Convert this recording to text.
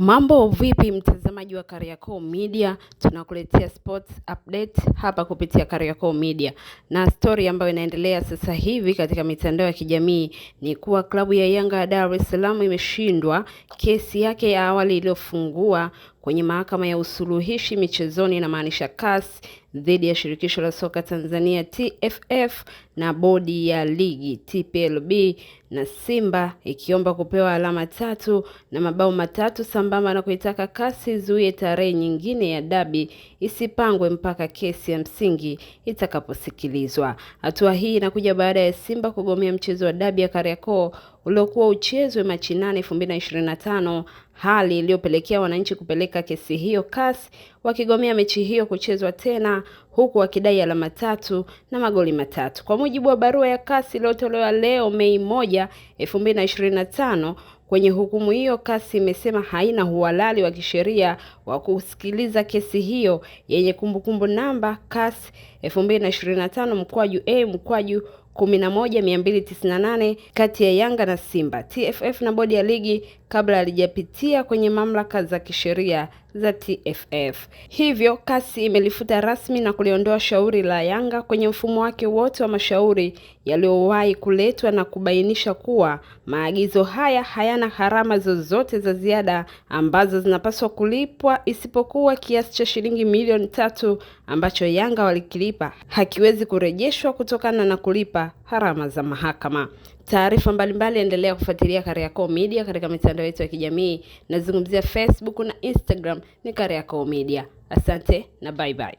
Mambo vipi, mtazamaji wa Kariakoo Media, tunakuletea sports update hapa kupitia Kariakoo Media, na stori ambayo inaendelea sasa hivi katika mitandao ya kijamii ni kuwa klabu ya Yanga ya Dar es Salaam imeshindwa kesi yake ya awali iliyofungua kwenye mahakama ya usuluhishi michezoni inamaanisha CAS dhidi ya shirikisho la soka Tanzania TFF na bodi ya ligi TPLB na Simba ikiomba kupewa alama tatu na mabao matatu sambamba na kuitaka CAS izuie tarehe nyingine ya dabi isipangwe mpaka kesi ya msingi itakaposikilizwa. Hatua hii inakuja baada ya Simba kugomea mchezo wa dabi ya Kariakoo uliokuwa uchezwe Machi 8, 2025, hali iliyopelekea wananchi kupeleka kesi hiyo CAS wakigomea mechi hiyo kuchezwa tena huku wakidai alama tatu na magoli matatu. Kwa mujibu wa barua ya CAS iliyotolewa leo Mei 1, 2025, Kwenye hukumu hiyo CAS imesema haina uhalali wa kisheria wa kusikiliza kesi hiyo yenye kumbukumbu namba CAS 2025 mkwaju A mkwaju 11298 kati ya Yanga na Simba. TFF na bodi ya ligi kabla halijapitia kwenye mamlaka za kisheria za TFF. Hivyo kasi imelifuta rasmi na kuliondoa shauri la Yanga kwenye mfumo wake wote wa mashauri yaliyowahi kuletwa na kubainisha kuwa maagizo haya hayana gharama zozote za ziada ambazo zinapaswa kulipwa isipokuwa kiasi cha shilingi milioni tatu ambacho Yanga walikilipa hakiwezi kurejeshwa kutokana na kulipa gharama za mahakama taarifa mbalimbali, endelea kufuatilia Kariakoo Media katika mitandao yetu ya kijamii. Nazungumzia Facebook na Instagram ni Kariakoo Media. Asante na bye bye.